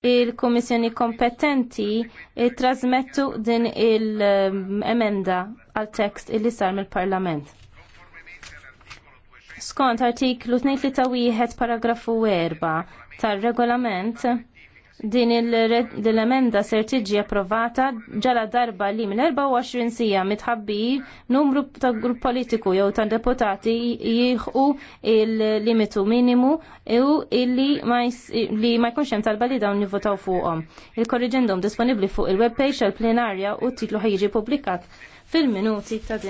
il-Komissjoni kompetenti trasmettu din il-emenda għal tekst illi sar mill-Parlament. Skont artiklu 231 paragrafu 4 tar-regolament din l-emenda ser tiġi approvata ġala darba li minn 24 sija mitħabbir numru ta' grupp politiku jew ta' deputati jieħu il-limitu minimu u illi li ma jkunx hemm talba li dawn nivvotaw fuqhom. Il-korriġendum disponibbli fuq il-webpage tal-plenarja u t-titlu ħajġi publikat fil-minuti ta' din